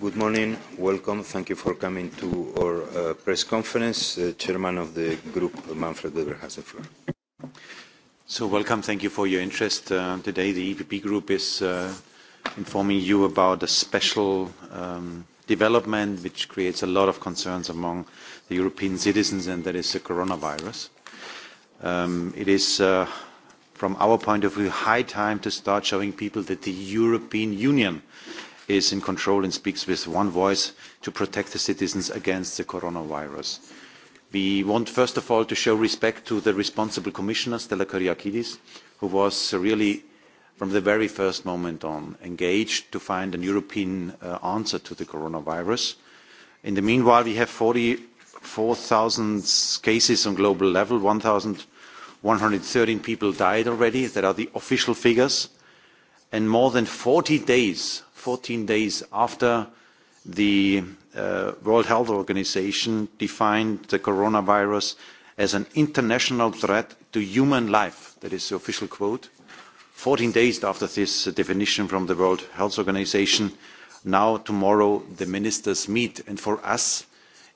Good morning. Welcome. Thank you for coming to our uh, press conference. The Chairman of the group, Manfred Weber, has the floor. So welcome. Thank you for your interest. Uh, today, the EPP Group is uh, informing you about a special um, development which creates a lot of concerns among the European citizens, and that is the coronavirus. Um, it is, from our point of view, high time to start showing people that the European Union is in control and speaks with one voice to protect the citizens against the coronavirus. We want, first of all, to show respect to the responsible commissioner, Stella Kyriakidis, who was really, from the very first moment on, engaged to find a an European uh, answer to the coronavirus. In the meanwhile, we have 44,000 cases on global level, 1,113 people died already. That are the official figures. And more than 40 days 14 days after the uh, World Health Organization defined the coronavirus as an international threat to human life. That is the official quote. 14 days after this definition from the World Health Organization, now tomorrow the ministers meet. And for us,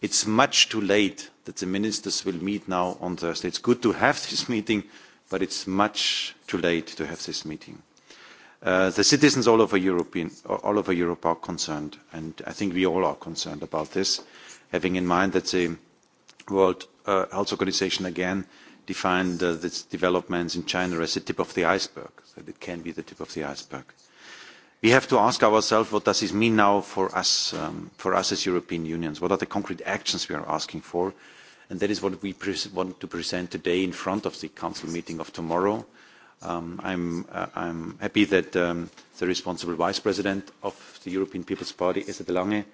it's much too late that the ministers will meet now on Thursday. It's good to have this meeting, but it's much too late to have this meeting. Uh, the citizens all over, European, all over Europe are concerned, and I think we all are concerned about this, having in mind that the World uh, Health Organization again defined uh, these developments in China as the tip of the iceberg, that it can be the tip of the iceberg. We have to ask ourselves, what does this mean now for us, um, for us as European Unions? What are the concrete actions we are asking for? And that is what we want to present today in front of the Council meeting of tomorrow, Um, uh, I'm, happy that um, the responsible vice president of the European People's Party, Esther de Lange,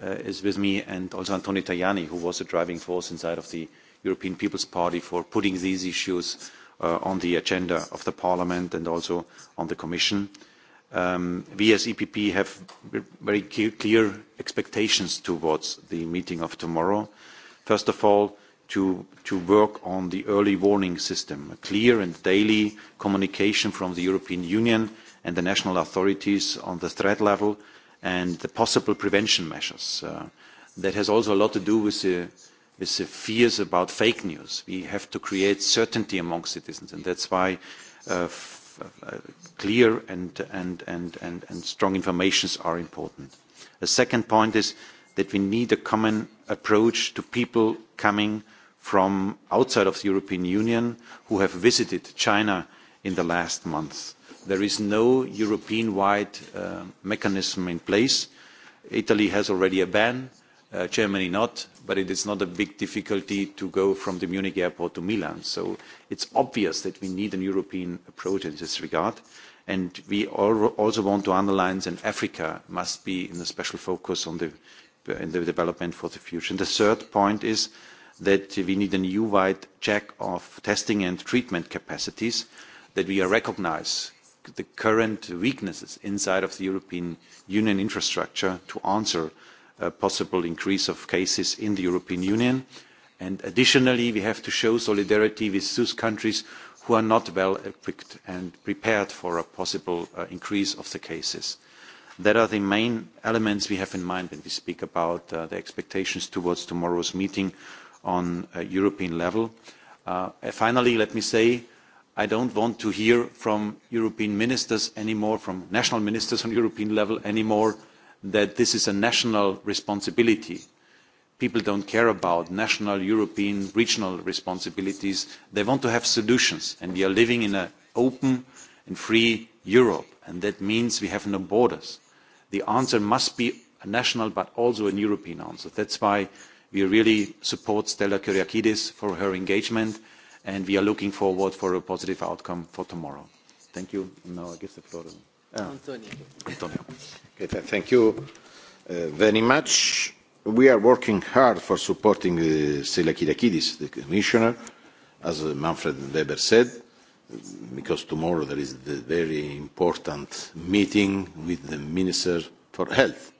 uh, is with me, and also Antonio Tajani, who was the driving force inside of the European People's Party for putting these issues uh, on the agenda of the Parliament and also on the Commission. Um, we as EPP have very clear expectations towards the meeting of tomorrow. First of all, to, work on the early warning system, a clear and daily communication from the European Union and the national authorities on the threat level and the possible prevention measures. Uh, that has also a lot to do with the, fears about fake news. We have to create certainty among citizens, and that's why uh, uh, clear and, strong informations are important. The second point is that we need a common approach to people coming – from outside of the European Union who have visited China in the last month. There is no European-wide uh, mechanism in place. Italy has already a ban, uh, Germany not, but it is not a big difficulty to go from the Munich airport to Milan. So it's obvious that we need a European approach in this regard. And we also want to underline that Africa must be in a special focus on the, uh, the development for the future. And the third point is that we need an EU-wide check of testing and treatment capacities, that we recognize the current weaknesses inside of the European Union infrastructure to answer a possible increase of cases in the European Union. And additionally, we have to show solidarity with those countries who are not well equipped and prepared for a possible uh, increase of the cases. That are the main elements we have in mind when we speak about uh, the expectations towards tomorrow's meeting on a European level. Uh, finally, let me say, I don't want to hear from European ministers anymore, from national ministers on European level anymore, that this is a national responsibility. People don't care about national, European, regional responsibilities. They want to have solutions, and we are living in an open and free Europe, and that means we have no borders. The answer must be a national but also a European answer. That's why We really support Stella Kyriakides for her engagement, and we are looking forward for a positive outcome for tomorrow. Thank you. Now I give the floor to ah. Antonio. Antonio. Okay, thank you uh, very much. We are working hard for supporting uh, Stella Kyriakides, the Commissioner, as uh, Manfred Weber said, because tomorrow there is the very important meeting with the Minister for Health.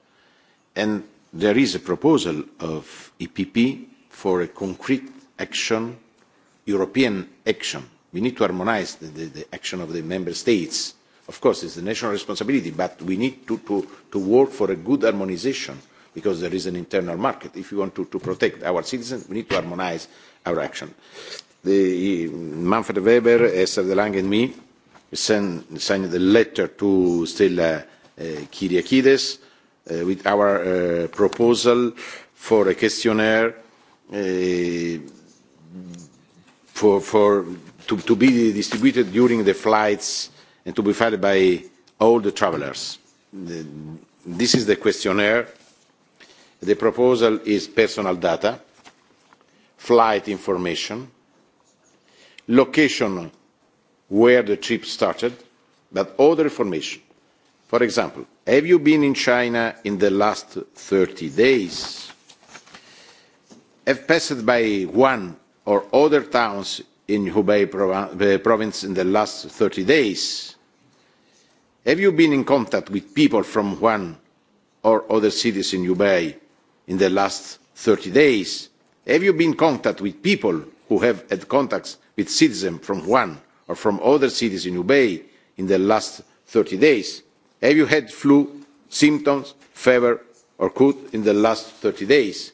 And there is a proposal of EPP for a concrete action, European action. We need to harmonise the, the, the, action of the member states. Of course, it's the national responsibility, but we need to, to, to work for a good harmonisation because there is an internal market. If we want to, to protect our citizens, we need to harmonise our action. The, Manfred Weber, Esther de Lange and me send, signed the letter to Stella uh, Kyriakides Uh, with our uh, proposal for a questionnaire uh, for, for to, to be distributed during the flights and to be filled by all the travelers. The, uh, this is the questionnaire. The proposal is personal data, flight information, location where the trip started, but other information. For example, Have you been in China in the last 30 days? Have passed by one or other towns in Hubei eh, province in the last 30 days? Have you been in contact with people from one or other cities in Hubei in the last 30 days? Have you been in contact with people who have had contacts with citizens from one or from other cities in Hubei in the last 30 days? Have you had flu symptoms, fever or cold in the last 30 days?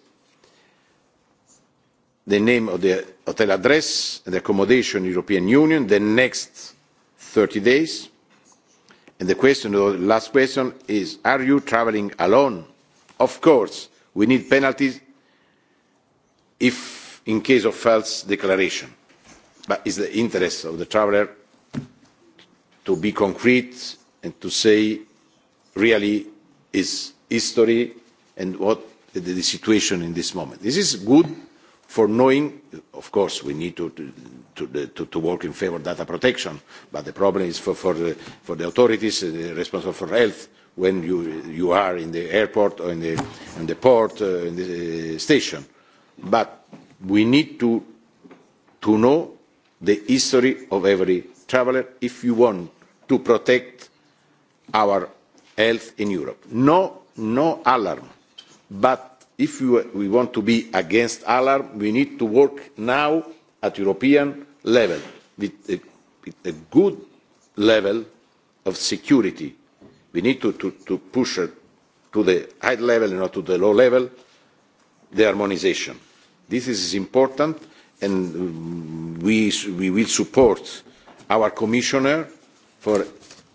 The name of the hotel address and the accommodation European Union the next 30 days. And the question, the last question is, are you travelling alone? Of course, we need penalties if in case of false declaration. But is the interest of the traveller to be concrete and to say really is history and what the situation in this moment. This is good for knowing, of course, we need to, to, to, to work in favor of data protection, but the problem is for, for, the, for the authorities uh, responsible for health when you, you are in the airport or in the, in the port, uh, in the uh, station. But we need to, to know the history of every traveller if you want to protect our health in Europe. No, no alarm. But if we want to be against alarm, we need to work now at European level with a, with a good level of security. We need to, to, to push it to the high level and not to the low level, the harmonization. This is important and um, we, we will support our commissioner for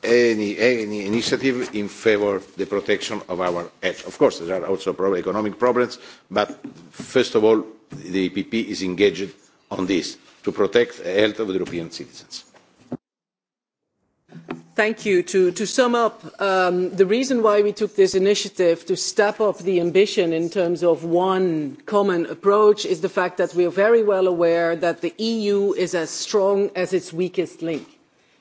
any, any initiative in favor of the protection of our edge. Of course, there are also economic problems, but first of all, the EPP is engaged on this to protect the health of European citizens. Thank you. To, to sum up, um, the reason why we took this initiative to step up the ambition in terms of one common approach is the fact that we are very well aware that the EU is as strong as its weakest link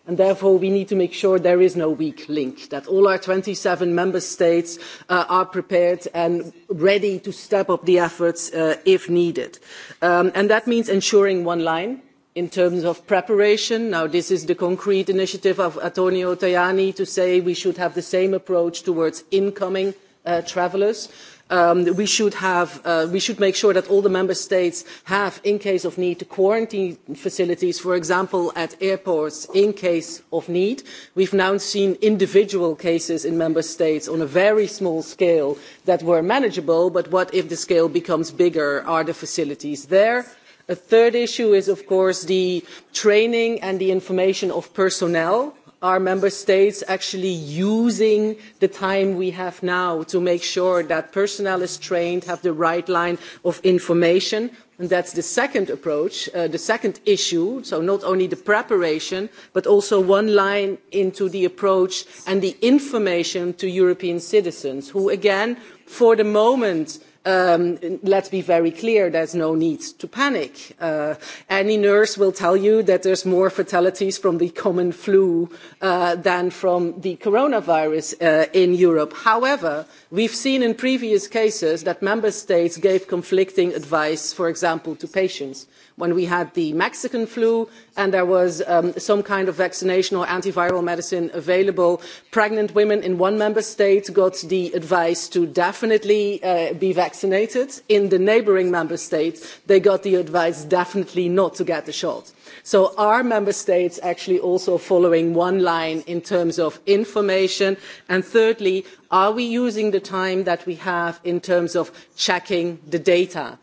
and therefore we need to make sure there is no weak link, that all our 27 member states uh, are prepared and ready to step up the efforts uh, if needed. Um, and that means ensuring one line, in terms of preparation. Now, this is the concrete initiative of Antonio Tajani to say we should have the same approach towards incoming uh, travellers. Um, we, should have, uh, we should make sure that all the member states have, in case of need, quarantine facilities, for example, at airports, in case of need. We've now seen individual cases in member states on a very small scale that were manageable, but what if the scale becomes bigger? Are the facilities there? A third issue is, of course, the training and the information of personnel are member states actually using the time we have now to make sure that personnel is trained, have the right line of information? And that's the second approach, uh, the second issue. So not only the preparation, but also one line into the approach and the information to European citizens, who again, for the moment, um, let's be very clear, there's no need to panic. Uh, any nurse will tell you that there's more fatalities from the common flu uh, than from the coronavirus uh, in Europe. However, we've seen in previous cases that member states gave conflicting advice, for example, to patients when we had the Mexican flu and there was um, some kind of vaccination or antiviral medicine available. Pregnant women in one member state got the advice to definitely uh, be vaccinated. In the neighbouring member state, they got the advice definitely not to get the shot. So are member states actually also following one line in terms of information? And thirdly, are we using the time that we have in terms of checking the data?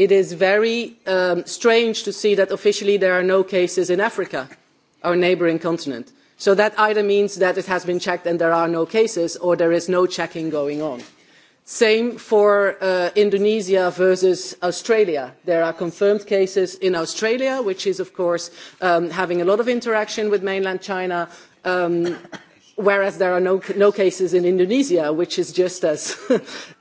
it is very um, strange to see that officially there are no cases in Africa, our neighbouring continent. So that either means that it has been checked and there are no cases, or there is no checking going on. Same for uh, Indonesia versus Australia. There are confirmed cases in Australia, which is, of course, um, having a lot of interaction with mainland China. Um, whereas there are no, no cases in Indonesia, which is just as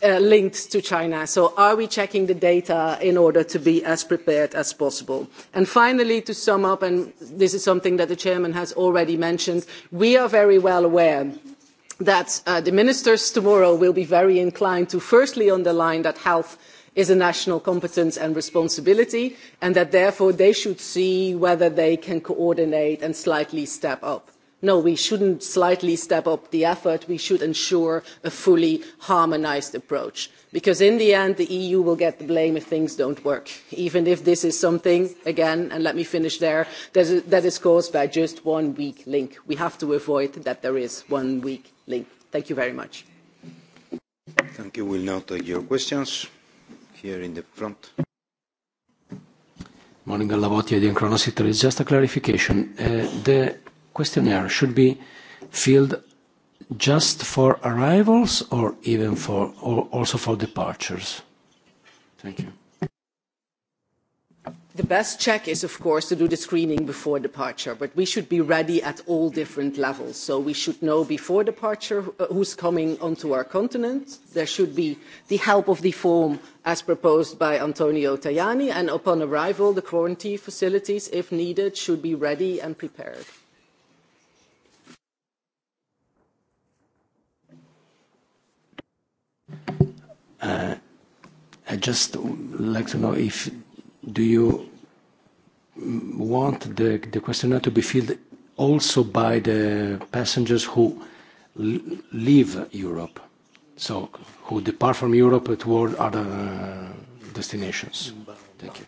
uh, linked to China. So are we checking the data in order to be as prepared as possible? And finally, to sum up, and this is something that the chairman has already mentioned, we are very well aware that uh, the ministers tomorrow will be very inclined to firstly underline that health is a national competence and responsibility, and that therefore they should see whether they can coordinate and slightly step up no we shouldn't slightly step up the effort we should ensure a fully harmonised approach because in the end the eu will get the blame if things don't work even if this is something again and let me finish there that is caused by just one weak link. we have to avoid that there is one weak link. thank you very much. thank you. we'll now take your questions here in the front. Morning, Alavotia, Cronos. it is just a clarification. Uh, the questionnaire should be filled just for arrivals or even for or also for departures? Thank you. The best check is, of course, to do the screening before departure, but we should be ready at all different levels. So we should know before departure who's coming onto our continent. There should be the help of the form as proposed by Antonio Tajani, and upon arrival, the quarantine facilities, if needed, should be ready and prepared. Uh, I just like to know if do you want the, the questionnaire to be filled also by the passengers who leave Europe, so who depart from Europe toward other uh, destinations. Thank you.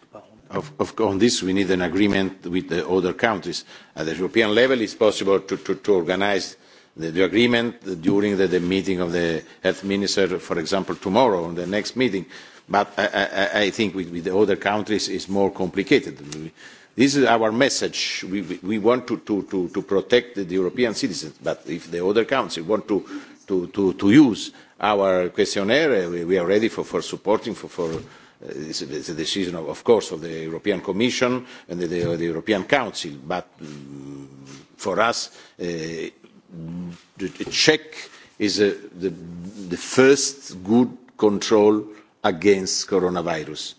Of, of, on this, we need an agreement with the other countries. At the European level, it's possible to, to, to organize the, the agreement during the, the meeting of the health minister, for example, tomorrow on the next meeting. But I, I, I think with, with the other countries it's more complicated. This is our message. We, we, we want to, to, to, to protect the European citizens, but if the other countries want to, to, to, to use our questionnaire, we, we are ready for, for supporting, for, for uh, it's, it's a decision, of, of course, of the European Commission and the, the, the European Council. But um, for us, uh, the check is the first good control against coronavirus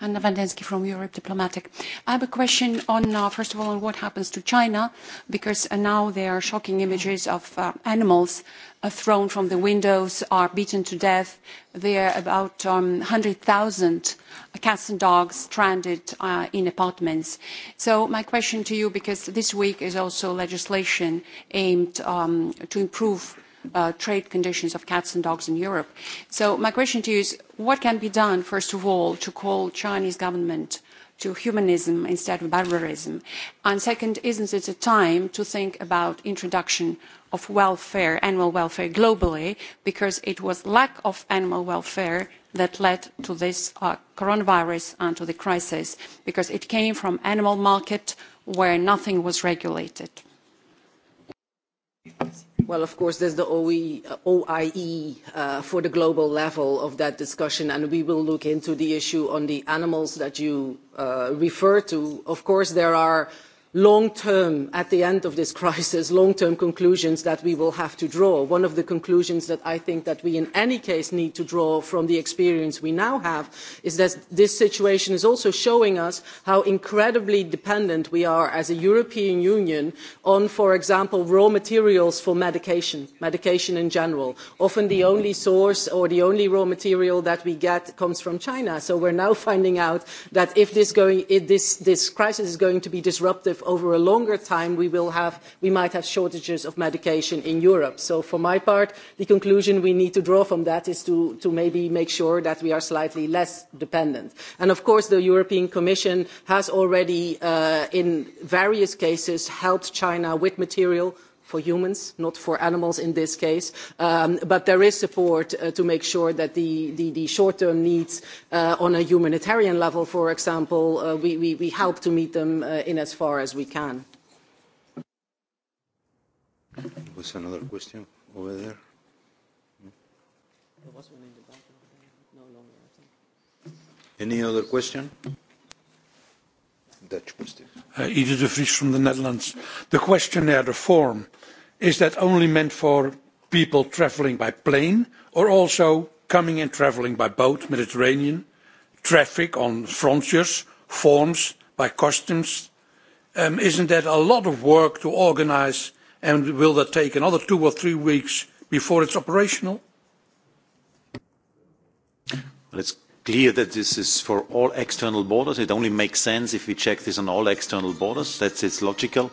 Anna Wandenski from Europe Diplomatic. I have a question on, uh, first of all, on what happens to China, because uh, now there are shocking images of uh, animals uh, thrown from the windows, are beaten to death. There are about um, 100,000 cats and dogs stranded uh, in apartments. So my question to you, because this week is also legislation aimed um, to improve uh, trade conditions of cats and dogs in Europe. So my question to you is, what can be done, first of all, to call Chinese government to humanism instead of barbarism? And second, isn't it a time to think about introduction of welfare, animal welfare globally, because it was lack of animal welfare that led to this uh, coronavirus and to the crisis, because it came from animal market where nothing was regulated. Well, of course, there's the OE, uh, OIE uh, for the global level of that discussion, and we will look into the issue on the animals that you uh, refer to. Of course, there are long term, at the end of this crisis, long term conclusions that we will have to draw. One of the conclusions that I think that we in any case need to draw from the experience we now have is that this situation is also showing us how incredibly dependent we are as a European Union on, for example, raw materials for medication, medication in general. Often the only source or the only raw material that we get comes from China. So we're now finding out that if this, going, if this, this crisis is going to be disruptive over a longer time we will have we might have shortages of medication in Europe. So for my part, the conclusion we need to draw from that is to, to maybe make sure that we are slightly less dependent. And of course, the European Commission has already, uh, in various cases, helped China with material for humans, not for animals in this case. Um, but there is support uh, to make sure that the, the, the short-term needs uh, on a humanitarian level, for example, uh, we, we, we, help to meet them uh, in as far as we can. Was another question over there? No Any other question? Dutch question. Edith eh, de Vries from the Netherlands. The questionnaire, the form, is that only meant for people travelling by plane or also coming and travelling by boat, Mediterranean, traffic on frontiers, forms by customs? Um, isn't that a lot of work to organise and will that take another two or three weeks before it's operational? clear that this is for all external borders. It only makes sense if we check this on all external borders. That's it's logical.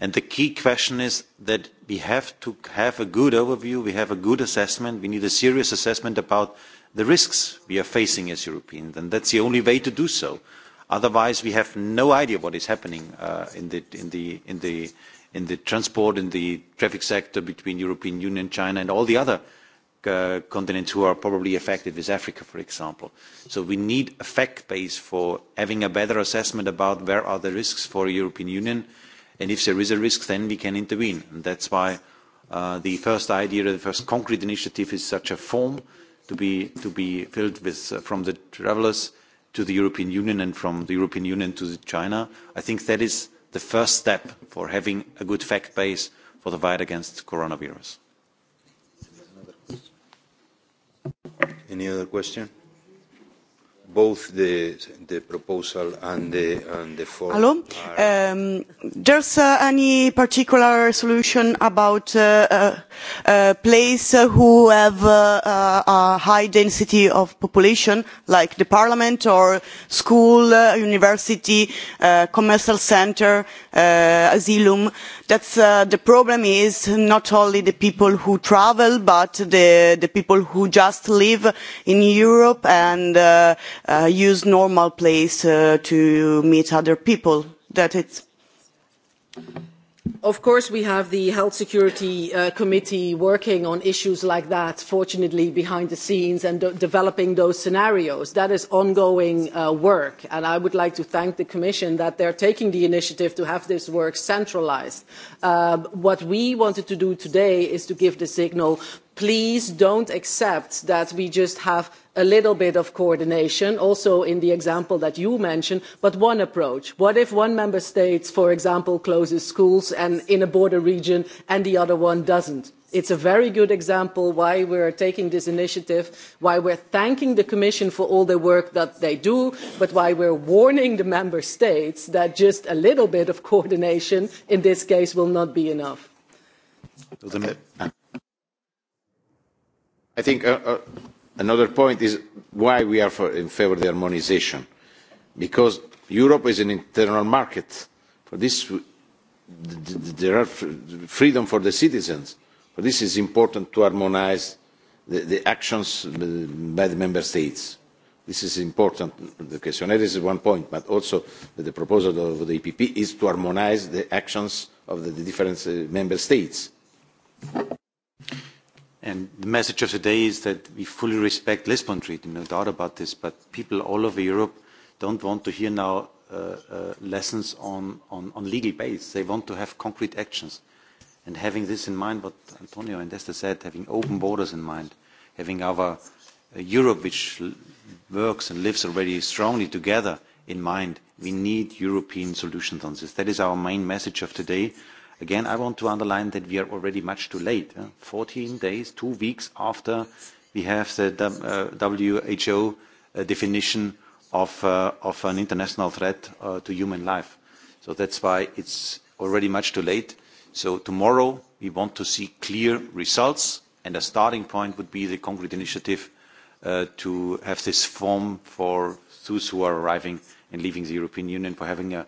And the key question is that we have to have a good overview, we have a good assessment, we need a serious assessment about the risks we are facing as Europeans, and that's the only way to do so. Otherwise, we have no idea what is happening uh, in, the, in, the, in, the, in the transport, in the traffic sector between European Union, China, and all the other Uh, continents who are probably affected is Africa, for example. So we need a fact base for having a better assessment about where are the risks for the European Union, and if there is a risk, then we can intervene. And that's why uh, the first idea, the first concrete initiative is such a form to be, to be filled with uh, from the travellers to the European Union and from the European Union to China. I think that is the first step for having a good fact base for the fight against coronavirus. Any other question? both the, the proposal and the, and the form. Hello. Are... Um, there's uh, any particular solution about uh, uh, uh place who have uh, uh, a high density of population, like the parliament or school, university, commercial center, asylum? that uh, the problem is not only the people who travel but the, people who just live in europe and uh, uh, use normal place to meet other people that it's Of course, we have the Health Security uh, Committee working on issues like that, fortunately, behind the scenes and de developing those scenarios. That is ongoing uh, work, and I would like to thank the Commission that they're taking the initiative to have this work centralised. Uh, um, what we wanted to do today is to give the signal please don't accept that we just have a little bit of coordination also in the example that you mentioned but one approach what if one member state for example closes schools and in a border region and the other one doesn't it's a very good example why we're taking this initiative why we're thanking the commission for all the work that they do but why we're warning the member states that just a little bit of coordination in this case will not be enough i think uh, uh another point is why we are in favour of the harmonisation because europe is an internal market for this there are freedom for the citizens but this is important to harmonise the, the actions uh, by the member states this is important the questionnaire is one point but also the proposal of the epp is to harmonise the actions of the different uh, member states. And the message of today is that we fully respect Lisbon Treaty, no doubt about this, but people all over Europe don't want to hear now uh, uh, lessons on, on, on legal base. They want to have concrete actions. And having this in mind, what Antonio and Esther said, having open borders in mind, having our uh, Europe which works and lives already strongly together in mind, we need European solutions on this. That is our main message of today Again, I want to underline that we are already much too late. 14 days, two weeks after we have the uh, WHO uh, definition uh, of, an international threat to human life. So that's why it's already much too late. So tomorrow we want to see clear results, and a starting point would be the concrete initiative to have this form for those who are arriving and leaving the European Union for having a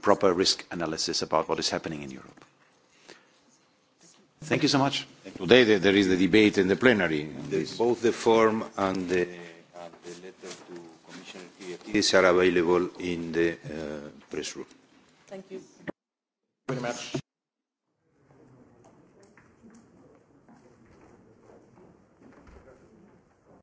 proper risk analysis about what is happening in Europe. Thank you so much. Today there is the debate in the plenary. both the form and the, and the letter to Commissioner Kyriakides are available in the uh, press room. Thank you. Thank you very much.